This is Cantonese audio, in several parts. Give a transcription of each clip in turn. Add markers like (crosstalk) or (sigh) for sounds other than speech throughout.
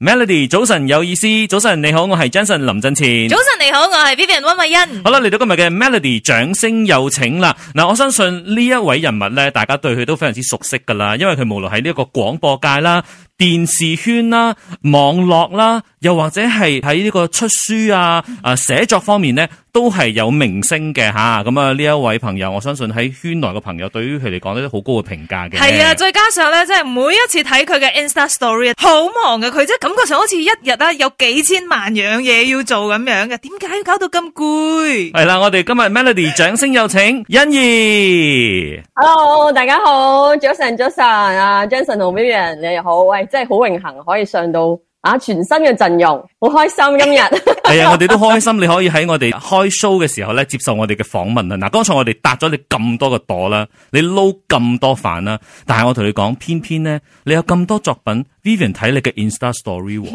Melody，早晨有意思，早晨你好，我係 Jason 林振前。早晨你好，我係 Vivian 溫慧欣。好啦，嚟到今日嘅 Melody 掌聲有請啦。嗱，我相信呢一位人物咧，大家對佢都非常之熟悉噶啦，因為佢無論喺呢一個廣播界啦，電視圈啦、網絡啦，又或者係喺呢個出書啊、啊寫作方面咧，都係有名聲嘅吓。咁啊呢一位朋友，我相信喺圈內嘅朋友對於佢嚟講咧都好高嘅評價嘅。係啊，再加上咧，即係每一次睇佢嘅 Insta Story，好忙嘅佢，即係感覺上好似一日咧有幾千萬樣嘢要做咁樣嘅。點解要搞到咁攰？係啦，我哋今日 Melody 掌聲有請欣宜。Hello，大家好，早晨，早晨，阿 Jason 同 William，你又好，喂。真係好榮幸可以上到啊全新嘅陣容，好開心今日。係 (laughs) 啊，我哋都開心。 (laughs) 你可以喺我哋開 show 嘅時候咧，接受我哋嘅訪問啦。嗱，剛才我哋搭咗你咁多嘅朵啦，你撈咁多飯啦，但係我同你講，偏偏咧，你有咁多作品。Even 睇你嘅 Insta story 喎，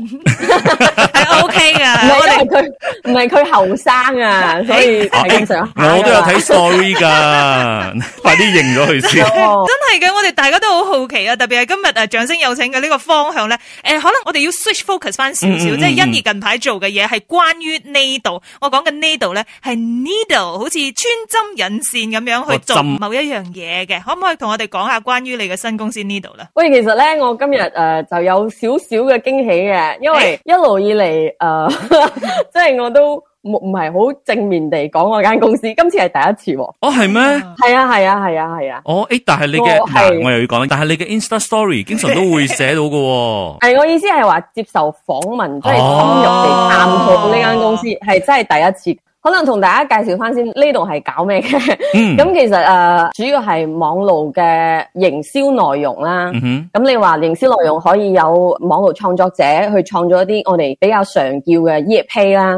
係 OK 噶，我哋佢唔係佢後生啊，所以睇 Insta，我都有睇 story 噶，快啲認咗佢先。真係嘅，我哋大家都好好奇啊，特別係今日誒掌聲有請嘅呢個方向咧，誒，可能我哋要 switch focus 翻少少，即係欣怡近排做嘅嘢係關於 needle，我講緊 needle 咧係 needle 好似穿針引線咁樣去做某一樣嘢嘅，可唔可以同我哋講下關於你嘅新公司 needle 咧？喂，其實咧，我今日誒、呃、就。有少少嘅驚喜嘅，因為一路以嚟誒，即係、 (laughs) 呃就是、我都唔係好正面地講我間公司，今次係第一次、啊。哦，係咩？係 (laughs) 啊，係啊，係啊，係啊。哦，誒、欸，但係你嘅嗱是、啊，我又要講，但係你嘅 Instagram story 經常都會寫到嘅、啊。係 (laughs) 我意思係話接受訪問，即係深入地探討呢間公司，係、啊、真係第一次。可能同大家介紹翻先，呢度係搞咩嘅？嗯，咁其實誒，主要係網絡嘅營銷內容啦。咁你話營銷內容可以有網絡創作者去創作一啲我哋比較常叫嘅 EAP 啦。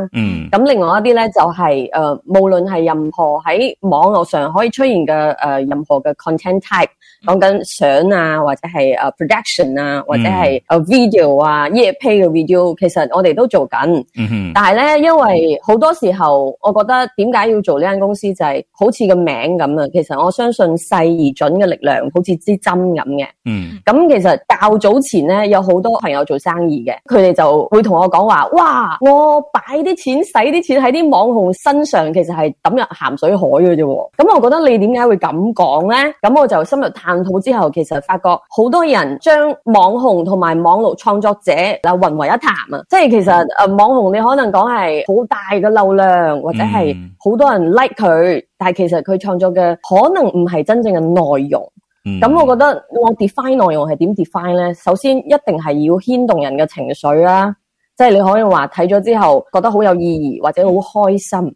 咁另外一啲咧就係誒，無論係任何喺網絡上可以出現嘅誒，任何嘅 content type，講緊相啊，或者係誒 production 啊，或者係誒 video 啊，EAP 嘅 video，其實我哋都做緊。但係咧，因為好多時候。我覺得點解要做呢間公司就係好似個名咁啊，其實我相信細而準嘅力量，好似支針咁嘅。嗯。咁其實較早前咧，有好多朋友做生意嘅，佢哋就會同我講話：，哇，我擺啲錢，使啲錢喺啲網紅身上，其實係抌入鹹水海嘅啫。咁、嗯、我覺得你點解會咁講咧？咁、嗯、我就深入探討之後，其實發覺好多人將網紅同埋網絡創作者嗱混為一談啊，即係其實誒、呃，網紅你可能講係好大嘅流量。或者係好多人 like 佢，但係其實佢創作嘅可能唔係真正嘅內容。咁、嗯嗯、我覺得我 define 內容係點 define 呢？首先一定係要牽動人嘅情緒啦，即、就、係、是、你可以話睇咗之後覺得好有意義或者好開心。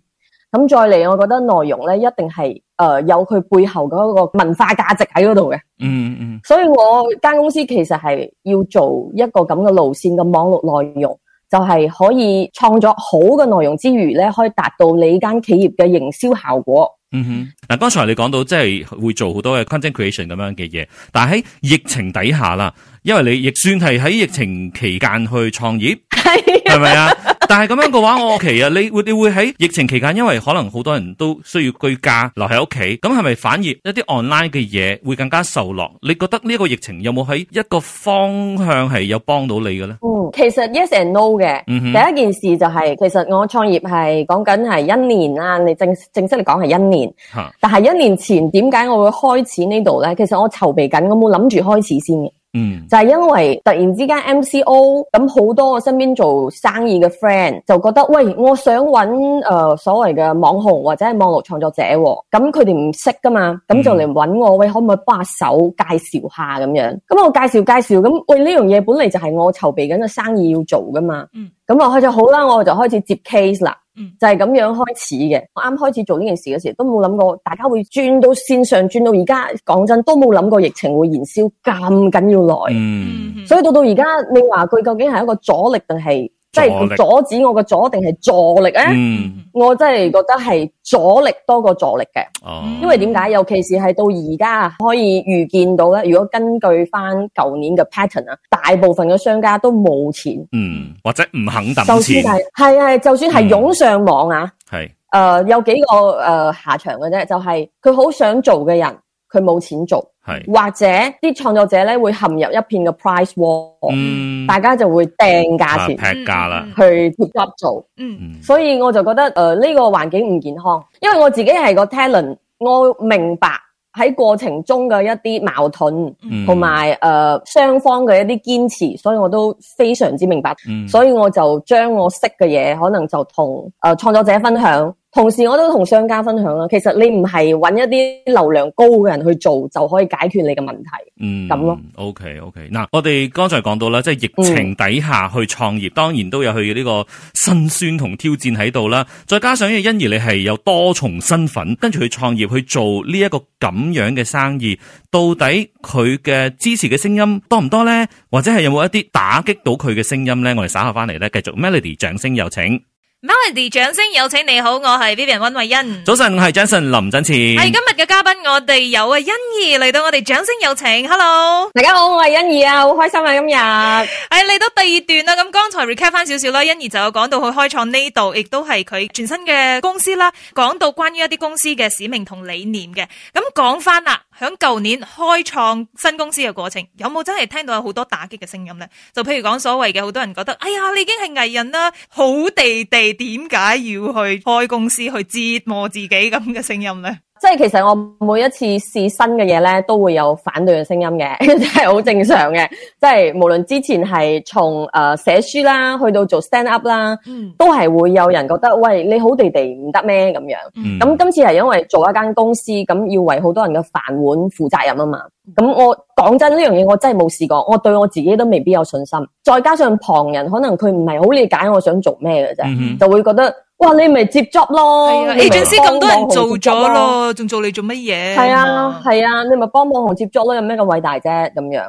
咁再嚟，我覺得內容呢，一定係誒、呃、有佢背後嗰個文化價值喺嗰度嘅。嗯嗯，所以我間公司其實係要做一個咁嘅路線嘅網絡內容。就係可以創作好嘅內容之餘咧，可以達到你間企業嘅營銷效果。嗯哼，嗱，剛才你講到即係會做好多嘅 content creation 咁樣嘅嘢，但係喺疫情底下啦，因為你亦算係喺疫情期間去創業，係咪啊？ (laughs) (laughs) 但係咁樣嘅話，我其實、啊、你，你會你會喺疫情期間，因為可能好多人都需要居家留喺屋企，咁係咪反而一啲 online 嘅嘢會更加受落？你覺得呢一個疫情有冇喺一個方向係有幫到你嘅呢？嗯，其實 yes and no 嘅。嗯、哼第一件事就係、是，其實我創業係講緊係一年啦，你正正式嚟講係一年。但係一年前點解我會開始呢度呢？其實我籌備緊，我冇諗住開始先。嗯，mm hmm. 就係因為突然之間 MCO，咁好多我身邊做生意嘅 friend 就覺得喂，我想揾誒、呃、所謂嘅網紅或者係網絡創作者，哦，咁佢哋唔識噶嘛，咁就嚟揾我，喂，可唔可以幫下手介紹下咁樣？咁我介紹介紹，咁喂，呢樣嘢本嚟就係我籌備緊嘅生意要做噶嘛，咁落去就好啦，我就開始接 case 啦。就係咁樣開始嘅，我啱開始做呢件事嘅時候，都冇諗過大家會轉到線上，轉到而家，講真，都冇諗過疫情會燃燒咁緊要耐。Mm hmm. 所以到到而家，你話佢究竟係一個阻力定係？即係阻止我個阻，定係助力咧？嗯、我真係覺得係阻力多過助力嘅。哦，因為點解？尤其是係到而家可以預見到咧。如果根據翻舊年嘅 pattern 啊，大部分嘅商家都冇錢，嗯，或者唔肯等錢。係係，就算係湧上網啊，係、嗯，誒、呃，有幾個誒、呃、下場嘅啫，就係佢好想做嘅人，佢冇錢做。是或者啲創作者咧會陷入一片嘅 price war，嗯、大家就會掟價錢，劈價啦，去貼 job 做。嗯，所以我就覺得誒呢、呃這個環境唔健康，因為我自己係個 talent，我明白喺過程中嘅一啲矛盾，同埋誒雙方嘅一啲堅持，所以我都非常之明白。嗯、所以我就將我識嘅嘢，可能就同誒創作者分享。同時，我都同商家分享啦。其實你唔係揾一啲流量高嘅人去做，就可以解決你嘅問題。嗯，咁咯。OK，OK。嗱，我哋剛才講到啦，即係疫情底下去創業，嗯、當然都有佢呢個辛酸同挑戰喺度啦。再加上因為欣宜你係有多重身份，跟住去創業去做呢一個咁樣嘅生意，到底佢嘅支持嘅聲音多唔多呢？或者係有冇一啲打擊到佢嘅聲音呢？我哋稍後翻嚟咧，繼續 Melody 掌聲有請。Melody 掌聲有請你好，我係 Vivian 温慧欣。早晨，係 Jason 林振前。係今日嘅嘉賓，我哋有阿欣怡嚟到我哋掌聲有請。Hello，大家好，我係欣怡啊，好開心啊今日。哎，嚟到第二段啦，咁剛才 recap 翻少少啦，欣怡就有講到去開創呢度，亦都係佢全新嘅公司啦。講到關於一啲公司嘅使命同理念嘅，咁講翻啦。喺舊年開創新公司嘅過程，有冇真係聽到有好多打擊嘅聲音呢？就譬如講所謂嘅好多人覺得，哎呀，你已經係藝人啦，好地地，點解要去開公司去折磨自己咁嘅聲音呢？」即係其實我每一次試新嘅嘢咧，都會有反對嘅聲音嘅，真係 (laughs) 好正常嘅。即係無論之前係從誒、呃、寫書啦，去到做 stand up 啦，嗯、都係會有人覺得喂，你好地地唔得咩咁樣。咁今、嗯、次係因為做一間公司，咁要為好多人嘅飯碗負責任啊嘛。咁、嗯、我講真呢樣嘢，我真係冇試過，我對我自己都未必有信心。再加上旁人可能佢唔係好理解我想做咩嘅啫，就會覺得。哇！你咪接 job 咯，A. J. C. 咁多人做咗咯，仲做、啊、你做乜嘢？係啊係啊，你咪幫網紅接 job 咯，有咩咁偉大啫？咁樣。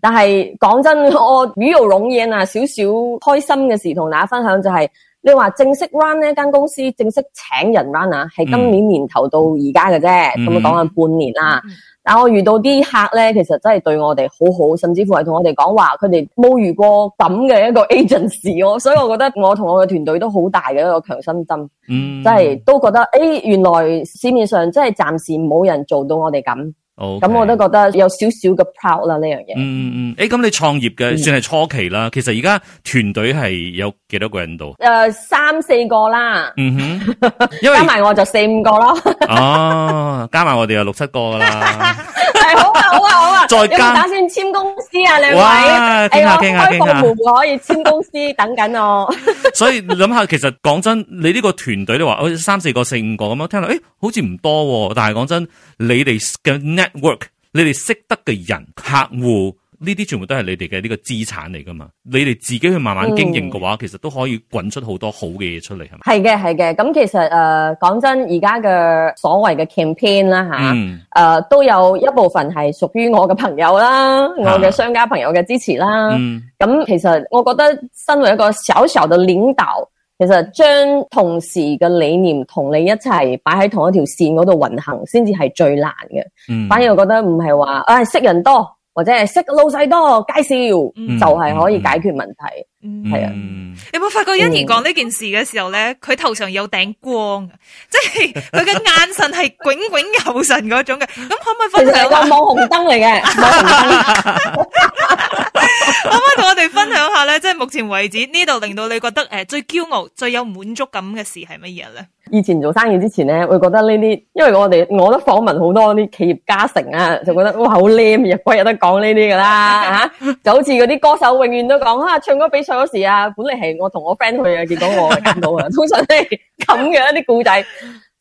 但係講真，我語無倫言啊，少少開心嘅事同大家分享就係、是，你話正式 run 呢間公司，正式請人 run 啊，係今年年頭到而家嘅啫，咁、嗯、樣講緊半年啦。嗯但我遇到啲客咧，其實真係對我哋好好，甚至乎係同我哋講話，佢哋冇遇過咁嘅一個 agency 哦，所以我覺得我同我嘅團隊都好大嘅一個強心針，嗯，即係都覺得誒，原來市面上真係暫時冇人做到我哋咁。哦，咁 Okay. 我都覺得有少少嘅 proud 啦呢樣嘢。嗯嗯，誒、欸，咁你創業嘅、嗯、算係初期啦。其實而家團隊係有幾多個人度？誒、呃，三四個啦。嗯哼，因為 (laughs) 加埋我就四五個咯。哦，加埋我哋就六七個啦。好啊好啊好啊，再加。打算簽公司啊，兩位。哎呀，傾下傾、欸、下，下，下可以簽公司，等緊我。 (laughs) 所以諗下，其實講真，你呢個團隊都話，我、欸、三四,四個、四五個咁樣，聽落誒，好似唔多、啊。但係講真，你哋嘅 network 你哋識得嘅人、客戶呢啲全部都係你哋嘅呢個資產嚟噶嘛？你哋自己去慢慢經營嘅話，嗯、其實都可以滾出好多好嘅嘢出嚟係咪？係嘅，係嘅。咁其實誒，講、呃、真，而家嘅所謂嘅 campaign 啦、啊、吓，誒、嗯呃，都有一部分係屬於我嘅朋友啦，啊、我嘅商家朋友嘅支持啦。咁、嗯、其實我覺得，身為一個小小嘅領導。其實將同時嘅理念，同你一齊擺喺同一條綫嗰度運行，先至係最難嘅。反而我覺得唔係話啊識人多，或者係識老細多介紹，就係、是、可以解決問題。係啊，有冇發覺欣宜講呢件事嘅時候咧，佢頭上有頂光，即係佢嘅眼神係炯炯有神嗰種嘅。咁 (laughs) 可唔可以分享個網紅燈嚟嘅？網紅燈。可唔可以同我哋分享下咧，即係目前為止呢度令到你覺得誒、呃、最驕傲、最有滿足感嘅事係乜嘢咧？以前做生意之前咧，會覺得呢啲，因為我哋我都訪問好多啲企業家成啊，就覺得哇好叻，日日都有得講呢啲噶啦嚇，就好似嗰啲歌手，永遠都講啊唱歌比賽嗰時啊，本嚟係我同我 friend 去啊，結果我揀到啊，通常都係咁樣一啲故仔。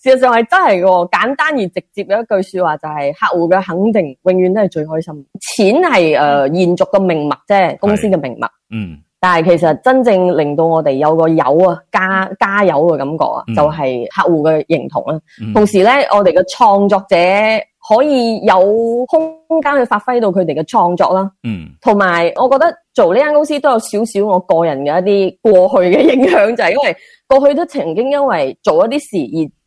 事實上係真係嘅、哦，簡單而直接嘅一句說話就係、是，客戶嘅肯定永遠都係最開心。錢係誒、呃、延續嘅命脈，即係公司嘅命脈。嗯。但係其實真正令到我哋有個有啊加加油嘅感覺啊，嗯，就係客戶嘅認同啦。嗯，同時咧，我哋嘅創作者。可以有空間去發揮到佢哋嘅創作啦，嗯，同埋我覺得做呢間公司都有少少我個人嘅一啲過去嘅影響，就係因為過去都曾經因為做一啲事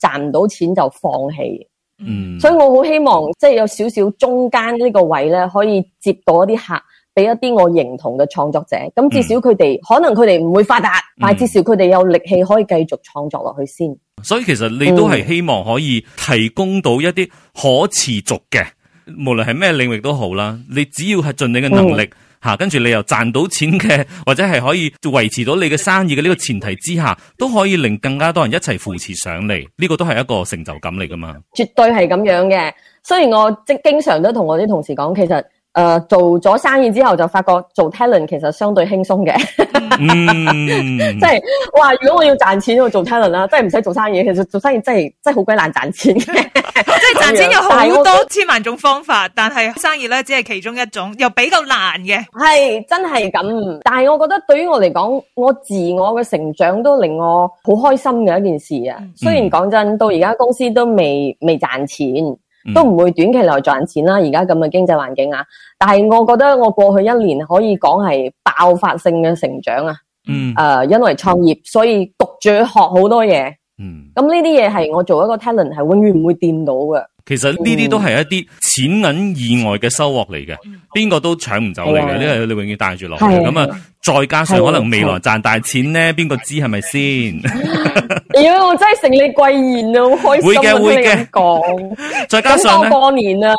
而賺唔到錢就放棄，嗯，所以我好希望即係有少少中間呢個位咧，可以接到一啲客。俾一啲我認同嘅創作者，咁至少佢哋、嗯、可能佢哋唔會發達，嗯、但係至少佢哋有力氣可以繼續創作落去先。所以其實你都係希望可以提供到一啲可持續嘅，嗯、無論係咩領域都好啦。你只要係盡你嘅能力吓、嗯啊，跟住你又賺到錢嘅，或者係可以維持到你嘅生意嘅呢個前提之下，都可以令更加多人一齊扶持上嚟。呢、呢個都係一個成就感嚟噶嘛？絕對係咁樣嘅。雖然我即經常都同我啲同事講，其實。誒、呃，做咗生意之後就發覺做 talent 其實相對輕鬆嘅、 (laughs) 嗯，即係話如果我要賺錢，我做 talent 啦，即係唔使做生意。其實做生意真係真係好鬼難賺錢嘅，即係賺錢有好多千萬種方法，但係生意呢只係其中一種，又比較難嘅、嗯。係真係咁，但係我覺得對於我嚟講，我自我嘅成長都令我好開心嘅一件事啊。雖然講真，到而家公司都未未賺錢。嗯、都唔會短期內賺錢啦，而家咁嘅經濟環境啊。但係我覺得我過去一年可以講係爆發性嘅成長啊。嗯。誒、呃，因為創業，所以讀住學好多嘢。嗯。咁呢啲嘢係我做一個 talent 係永遠唔會掂到嘅。其實呢啲都係一啲錢銀以外嘅收穫嚟嘅，邊個都搶唔走你嘅，的因為你永遠帶住落去。咁啊的，再加上可能未來賺大錢咧，邊個的知係咪先？妖、 (laughs) 哎，我真係成你貴言啊，好開心。會嘅會嘅，講， (laughs) 再加上過年啦。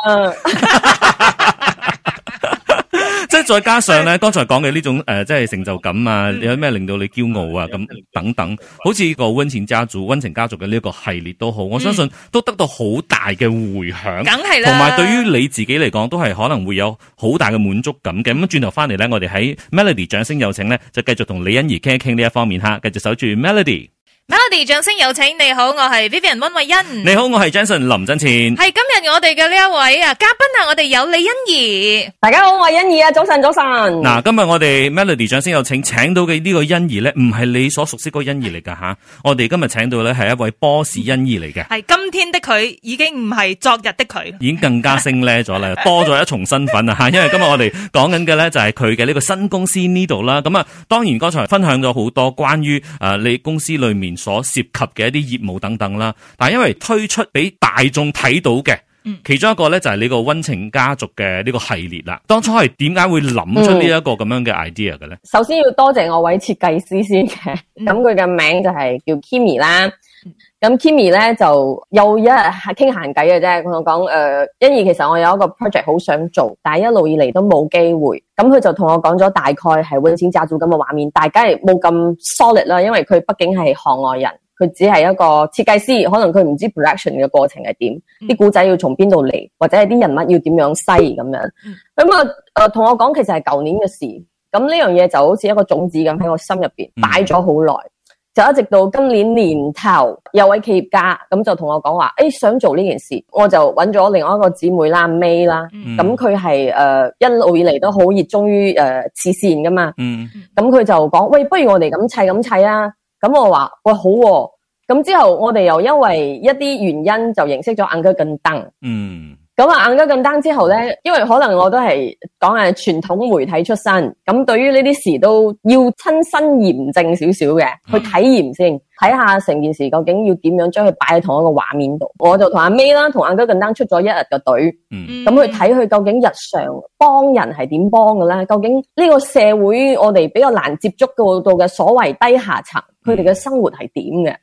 (laughs) 再加上咧，剛才講嘅呢種誒，即、呃、係成就感啊，嗯、有咩令到你驕傲啊，咁、嗯、等等，好似個溫情家族、溫情家族嘅呢一個系列都好，嗯、我相信都得到好大嘅回響，梗係、同埋對於你自己嚟講，都係可能會有好大嘅滿足感嘅。咁轉頭翻嚟咧，我哋喺 Melody 掌聲有請咧，就繼續同李欣怡傾一傾呢一方面吓，繼續守住 Melody。Melody 掌聲有請，你好，我係 Vivian 溫慧欣，你好，我係 Jackson 林振前。係今日我哋嘅呢一位啊嘉賓啊，我哋有李欣怡。大家好，我係欣怡啊，早晨，早晨。嗱，今日我哋 Melody 掌聲有請，請到嘅呢個欣怡咧，唔係你所熟悉嗰個欣怡嚟噶吓。我哋今日請到咧係一位波士欣怡嚟嘅，係今天的佢已經唔係昨日的佢，已經更加升 level 咗啦， (laughs) 多咗一重身份啊吓，因為今日我哋講緊嘅咧就係佢嘅呢個新公司呢度啦，咁啊，當然剛才分享咗好多關於誒、啊、你公司裏面。所涉及嘅一啲業務等等啦，但係因為推出俾大眾睇到嘅。其中一個咧，就係呢個溫情家族嘅呢個系列啦。當初係點解會諗出、嗯、呢一個咁樣嘅 idea 嘅咧？首先要多謝我位設計師先嘅，咁佢嘅名就係叫 Kimmy 啦。咁 Kimmy 咧，就又一日傾閒偈嘅啫，佢同我講誒、呃，因而其實我有一個 project 好想做，但係一路以嚟都冇機會。咁佢就同我講咗大概係溫情家族咁嘅畫面，大家係冇咁 solid 啦，因為佢畢竟係行外人。佢只係一個設計師，可能佢唔知 production 嘅過程係點，啲古仔要從邊度嚟，或者係啲人物要點樣篩咁樣。咁、嗯嗯啊、我誒同我講，其實係舊年嘅事。咁呢樣嘢就好似一個種子咁喺我心入邊擺咗好耐，嗯、就一直到今年年頭，有位企業家咁就同我講話，誒、欸、想做呢件事，我就揾咗另外一個姊妹啦，May 啦，咁佢係誒一路以嚟都好熱衷於誒慈、呃、善噶嘛。咁佢就講，喂，不如我哋咁砌咁砌啊！咁我話喂，好，咁、哦、之後，我哋又因為一啲原因就認識咗 Uncle Gun Dang，嗯，咁啊 Uncle Gun Dang 之後咧，因為可能我都係講誒傳統媒體出身，咁對於呢啲事都要親身驗證少少嘅，去體驗先睇下成件事究竟要點樣將佢擺喺同一個畫面度。我就同阿 May 啦，同 Uncle Gun Dang 出咗一日嘅隊，咁、嗯嗯、去睇佢究竟日常幫人係點幫嘅咧？究竟呢個社會我哋比較難接觸到嘅所謂低下層。佢哋嘅生活係點嘅？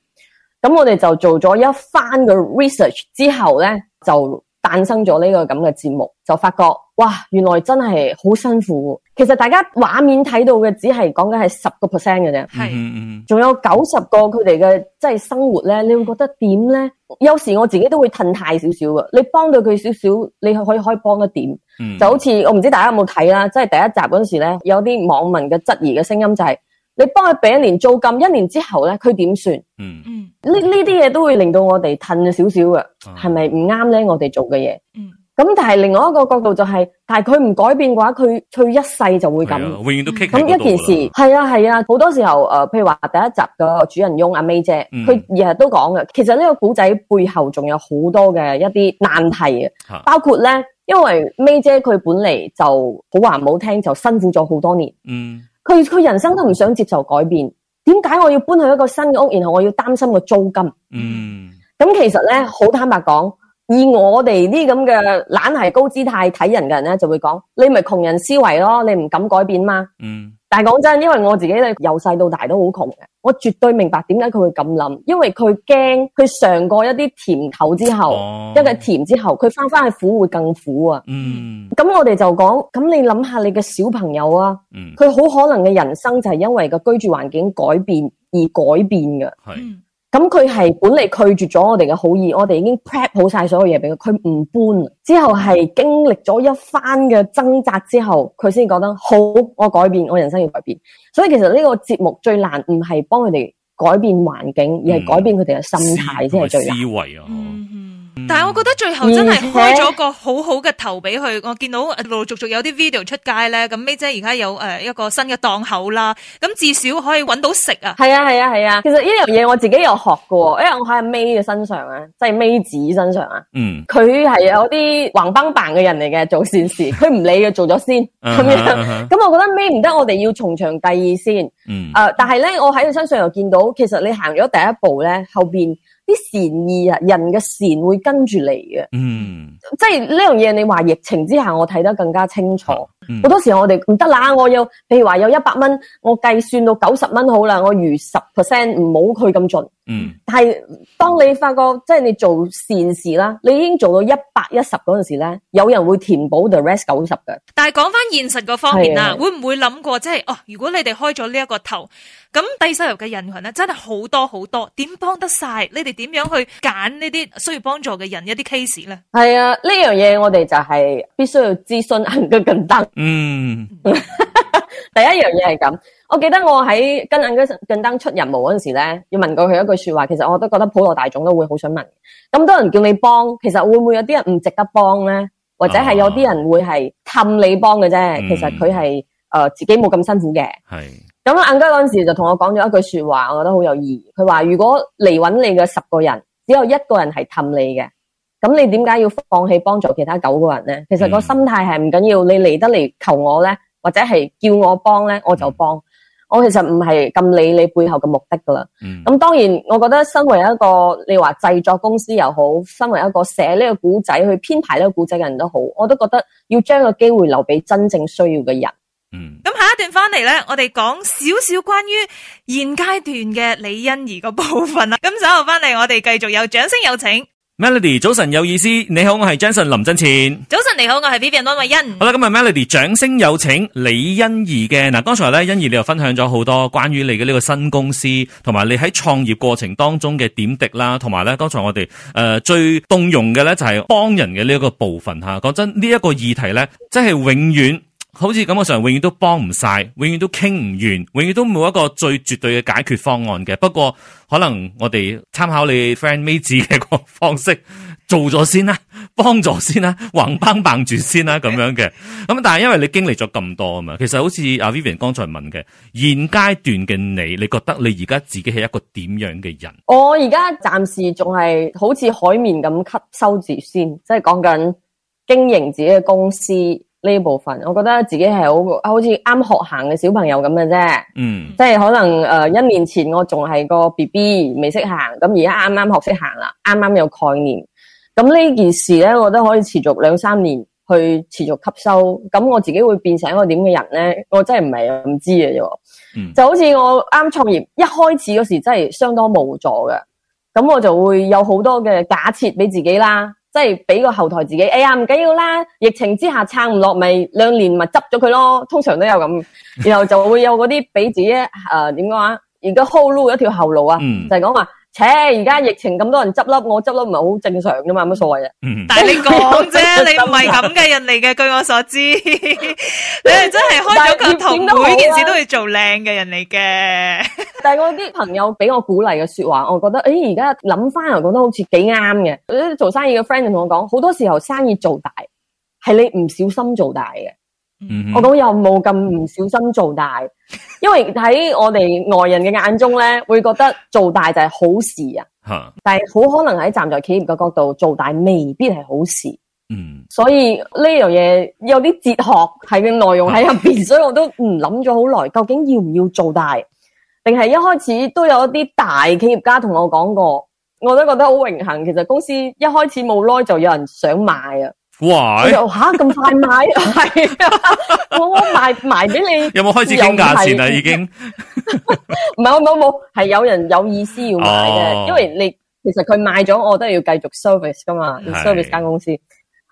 咁我哋就做咗一番嘅 research 之後咧，就誕生咗呢個咁嘅節目，就發覺哇，原來真係好辛苦。其實大家畫面睇到嘅只係講緊係十個 percent 嘅啫，係，仲有九十個佢哋嘅即係生活咧，你會覺得點咧？有時我自己都會褪太少少嘅。你幫到佢少少，你係可以可以幫一點。嗯，就好似我唔知大家有冇睇啦，即係第一集嗰時咧，有啲網民嘅質疑嘅聲音就係。你幫佢俾一年租金，一年之後咧，佢點算？嗯嗯，呢呢啲嘢都會令到我哋褪少少嘅，係咪唔啱咧？我哋做嘅嘢，嗯，咁、嗯、但係另外一個角度就係、是，但係佢唔改變嘅話，佢佢一世就會咁，永遠都棘喺度。咁、啊嗯、一件事，係啊係啊，好多時候誒，譬、啊啊啊啊、如話第一集嘅主人翁阿 May 姐，佢日日都講嘅，其實呢個古仔背後仲有好多嘅一啲難題啊，包括咧，因為 May 姐佢本嚟就好話唔好聽，就辛苦咗好多年，嗯。嗯佢佢人生都唔想接受改變，點解我要搬去一個新嘅屋，然後我要擔心個租金？嗯，咁其實呢，好坦白講。以我哋啲咁嘅懶係高姿態睇人嘅人咧，就會講你咪窮人思維咯，你唔敢改變嘛。嗯。但係講真，因為我自己咧由細到大都好窮嘅，我絕對明白點解佢會咁諗，因為佢驚佢嘗過一啲甜頭之後，因為、哦、甜之後，佢返返去苦會更苦啊。嗯。咁我哋就講，咁你諗下你嘅小朋友啊，佢好、嗯、可能嘅人生就係因為個居住環境改變而改變嘅。係。咁佢係本嚟，拒絕咗我哋嘅好意，我哋已經 prep 好晒所有嘢俾佢，佢唔搬。之後係經歷咗一番嘅掙扎之後，佢先覺得好，我改變，我人生要改變。所以其實呢個節目最難唔係幫佢哋改變環境，而係改變佢哋嘅心態，先係最難。思但係我覺得最後真係開咗個好好嘅頭俾佢，且我見到陸陸續續有啲 video 出街咧，咁 may 姐而家有誒一個新嘅檔口啦，咁至少可以搵到食啊。係啊，係啊，係啊。其實呢樣嘢我自己有學過，因為我喺阿 may 嘅身上啊，即係 may 子身上啊，嗯，佢係有啲橫崩棒嘅人嚟嘅，做善事，佢唔理嘅做咗先咁樣，咁我覺得 may 唔得，我哋要從長計議先。嗯，誒，但係咧，我喺佢身上又見到，其實你行咗第一步咧，後邊。啲善意啊，人嘅善會跟住嚟嘅，嗯，即係呢樣嘢，你話疫情之下，我睇得更加清楚。嗯好多時候我哋唔得啦，我有譬如話有一百蚊，我計算到九十蚊好啦，我餘十 percent 唔好佢咁盡。盡，嗯，但係當你發覺即係你做善事啦，你已經做到一百一十嗰陣時咧，有人會填補 the rest 九十嘅。但係講翻現實個方面啦，的會唔會諗過即係哦？如果你哋開咗呢一個頭，咁低收入嘅人群咧，真係好多好多，點幫得晒？你哋點樣去揀呢啲需要幫助嘅人一啲 case 咧？係啊，呢樣嘢我哋就係必須要諮詢得更登。嗯， (laughs) 第一樣嘢係咁，我記得我喺跟阿晏哥、更登出任務嗰陣時咧，要問過佢一句說話，其實我都覺得普羅大眾都會好想問，咁多人叫你幫，其實會唔會有啲人唔值得幫咧？或者係有啲人會係氹你幫嘅啫？啊、其實佢係誒自己冇咁辛苦嘅。係咁是，晏哥嗰陣時就同我講咗一句說話，我覺得好有意義。佢話如果嚟揾你嘅十個人，只有一個人係氹你嘅。咁你點解要放棄幫助其他九個人呢？其實個心態係唔緊要，你嚟得嚟求我呢，或者係叫我幫呢，我就幫。嗯、我其實唔係咁理你背後嘅目的噶啦。咁、嗯、當然，我覺得身為一個你話製作公司又好，身為一個寫呢個古仔去編排呢個古仔嘅人都好，我都覺得要將個機會留俾真正需要嘅人。咁、嗯、下一段翻嚟呢，我哋講少少關於現階段嘅李欣兒個部分啦。咁稍後翻嚟，我哋繼續有掌聲有請。Melody，早晨有意思。你好，我係 Jason 林真前。早晨，你好，我係 BB 溫慧欣。好啦，今日 Melody 掌聲有請李欣怡嘅。嗱，剛才咧欣怡，你又分享咗好多關於你嘅呢個新公司，同埋你喺創業過程當中嘅點滴啦，同埋咧剛才我哋誒、呃、最動容嘅咧就係幫人嘅呢一個部分吓。講真，呢、這、一個議題咧，真係永遠。好似感覺上永遠都幫唔晒，永遠都傾唔完，永遠都冇一個最絕對嘅解決方案嘅。不過可能我哋參考你 friend 妹子嘅個方式做咗先啦、啊，幫助先啦、啊，橫幫棒住先啦、啊、咁樣嘅。咁但係因為你經歷咗咁多啊嘛，其實好似阿 Vivian 剛才問嘅，現階段嘅你，你覺得你而家自己係一個點樣嘅人？我而家暫時仲係好似海綿咁吸收住先，即係講緊經營自己嘅公司。呢一部分，我覺得自己係好好似啱學行嘅小朋友咁嘅啫，嗯、即係可能誒、呃、一年前我仲係個 BB 未識行，咁而家啱啱學識行啦，啱啱有概念。咁呢件事咧，我都可以持續兩三年去持續吸收。咁我自己會變成一個點嘅人咧，我真係唔係唔知嘅啫。嗯、就好似我啱創業一開始嗰時，真係相當無助嘅。咁我就會有好多嘅假設俾自己啦。即係俾個後台自己，哎呀唔緊要啦，疫情之下撐唔落咪兩年咪執咗佢咯，通常都有咁。然後就會有嗰啲俾自己誒，點講啊？而家 hold 住一條後路啊，嗯、就係講話，且而家疫情咁多人執笠，我執笠唔係好正常㗎嘛？冇乜所謂啊。嗯、但係你講啫，哎、你唔係咁嘅人嚟嘅， (laughs) 據我所知， (laughs) 你係真係開咗個頭每件事都要做靚嘅人嚟嘅。但係我啲朋友俾我鼓勵嘅說話，我覺得誒，而家諗翻又覺得好似幾啱嘅。我啲做生意嘅 friend 就同我講，好多時候生意做大係你唔小心做大嘅。嗯、哼我講又冇咁唔小心做大，因為喺我哋外人嘅眼中咧，會覺得做大就係好事啊。吓， (laughs) 但係好可能喺站在企業嘅角度，做大未必係好事。嗯，所以呢樣嘢有啲哲學系嘅內容喺入邊， (laughs) 所以我都唔諗咗好耐，究竟要唔要做大？定係一開始都有一啲大企業家同我講過，我都覺得好榮幸。其實公司一開始冇耐就有人想買啊！哇！又吓咁快買，係啊！我我賣賣俾你，有冇開始講價錢啦？已經唔係我冇，唔係， (laughs) 有，有，有人有意思要買嘅。哦、因為你其實佢買咗，我都係要繼續 service 噶嘛，要 service 間公司。是的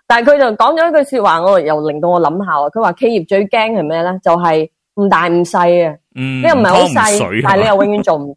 但係佢就講咗一句說話，我又令到我諗下佢話企業最驚係咩咧？就係、是。唔大唔細啊，嗯、你又唔係好細，但係你又永遠做唔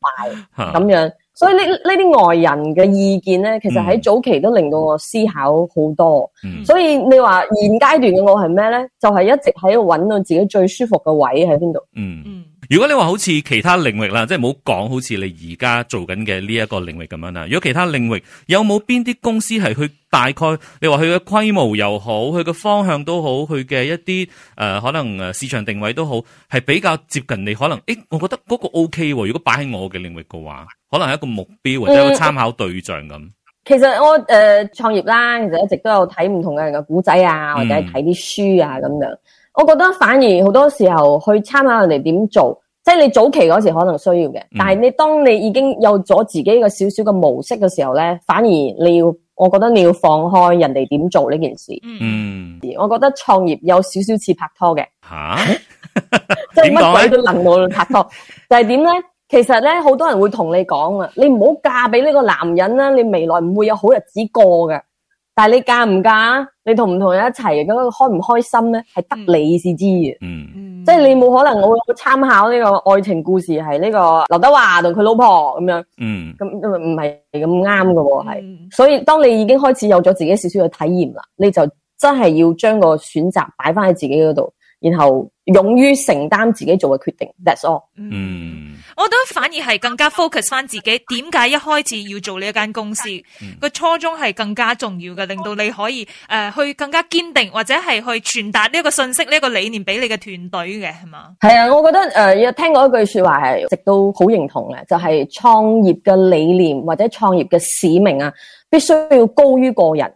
大咁 (laughs) 樣，所以呢呢啲外人嘅意見咧，其實喺早期都令到我思考好多。嗯、所以你話現階段嘅我係咩咧？就係、是、一直喺度揾到自己最舒服嘅位喺邊度。嗯嗯。如果你話好似其他領域啦，即係唔好講好似你而家做緊嘅呢一個領域咁樣啦。如果其他領域有冇邊啲公司係去大概？你話佢嘅規模又好，佢嘅方向都好，佢嘅一啲誒、呃、可能誒市場定位都好，係比較接近你。可能誒，我覺得嗰個 O K。如果擺喺我嘅領域嘅話，可能係一個目標或者一個參考對象咁、嗯。其實我誒、呃、創業啦，其實一直都有睇唔同嘅人嘅古仔啊，或者睇啲書啊咁樣。嗯。我覺得反而好多時候去參考人哋點做，即係你早期嗰時可能需要嘅，但係你當你已經有咗自己個少少嘅模式嘅時候咧，反而你要，我覺得你要放開人哋點做呢件事。嗯，我覺得創業有少少似拍拖嘅，吓哈， (laughs) 即係乜鬼都能冇拍拖，呢就係點咧？其實咧，好多人會同你講啊，你唔好嫁俾呢個男人啦，你未來唔會有好日子過嘅。但係你嫁唔嫁，你同唔同人一齊，咁、那個、開唔開心咧，係得你先知嘅。嗯，即係你冇可能我會參考呢個愛情故事係呢個劉德華同佢老婆咁樣。嗯，咁因為唔係咁啱嘅，係、嗯、所以當你已經開始有咗自己少少嘅體驗啦，你就真係要將個選擇擺翻喺自己嗰度，然後勇於承擔自己做嘅決定。That's all。嗯。嗯我覺得反而係更加 focus 翻自己點解一開始要做呢一間公司個、mm. 初衷係更加重要嘅，令到你可以誒、呃、去更加堅定或者係去傳達呢一個信息、呢、這、一個理念俾你嘅團隊嘅係嘛？係啊，我覺得誒、呃，聽過一句説話係，直到好認同嘅，就係、是、創業嘅理念或者創業嘅使命啊，必須要高於個人，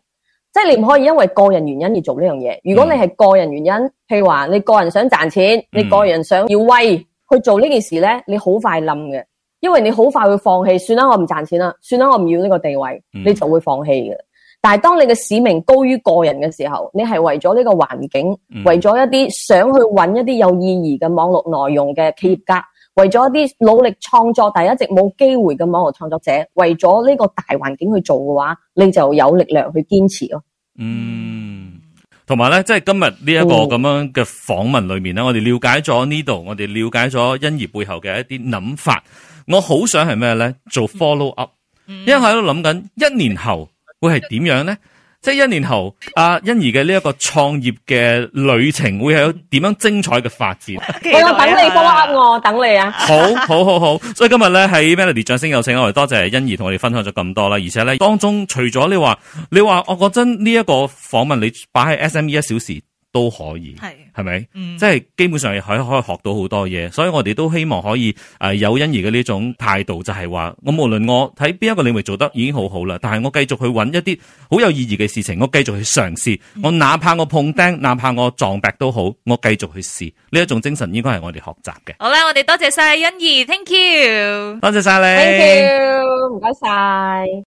即、就、係、是、你唔可以因為個人原因而做呢樣嘢。如果你係個人原因，mm. 譬如話你個人想賺錢，mm. 你個人想要威。去做呢件事呢，你好快冧嘅，因為你好快會放棄，算啦，我唔賺錢啦，算啦，我唔要呢個地位，你就會放棄嘅。但係當你嘅使命高於個人嘅時候，你係為咗呢個環境，嗯、為咗一啲想去揾一啲有意義嘅網絡內容嘅企業家，為咗一啲努力創作但係一直冇機會嘅網絡創作者，為咗呢個大環境去做嘅話，你就有力量去堅持咯、啊。嗯。同埋咧，即係今日呢一個咁樣嘅訪問裏面咧，哦，我哋了解咗呢度，我哋了解咗欣宜背後嘅一啲諗法。我好想係咩咧？做 follow up，嗯、因為我喺度諗緊一年後會係點樣咧？即係一年後，阿、啊、欣宜嘅呢一個創業嘅旅程會係有點樣精彩嘅發展？我等你多啊，我等你啊！好，好好好，所以今日咧喺 Melody 掌聲有請我哋多謝欣宜同我哋分享咗咁多啦，而且咧當中除咗你話，你話我講真呢一個訪問你擺喺 SME 一小時。都可以係，係咪？即係基本上係可，可以學到好多嘢，所以我哋都希望可以誒、呃，有欣怡嘅呢種態度就，就係話我無論我喺邊一個領域做得已經好好啦，但係我繼續去揾一啲好有意義嘅事情，我繼續去嘗試，嗯、我哪怕我碰釘、嗯，哪怕我撞壁都好，我繼續去試呢、嗯、一種精神應該，應該係我哋學習嘅。好啦，我哋多謝晒欣怡，Thank you，多謝晒你，Thank you，唔該晒。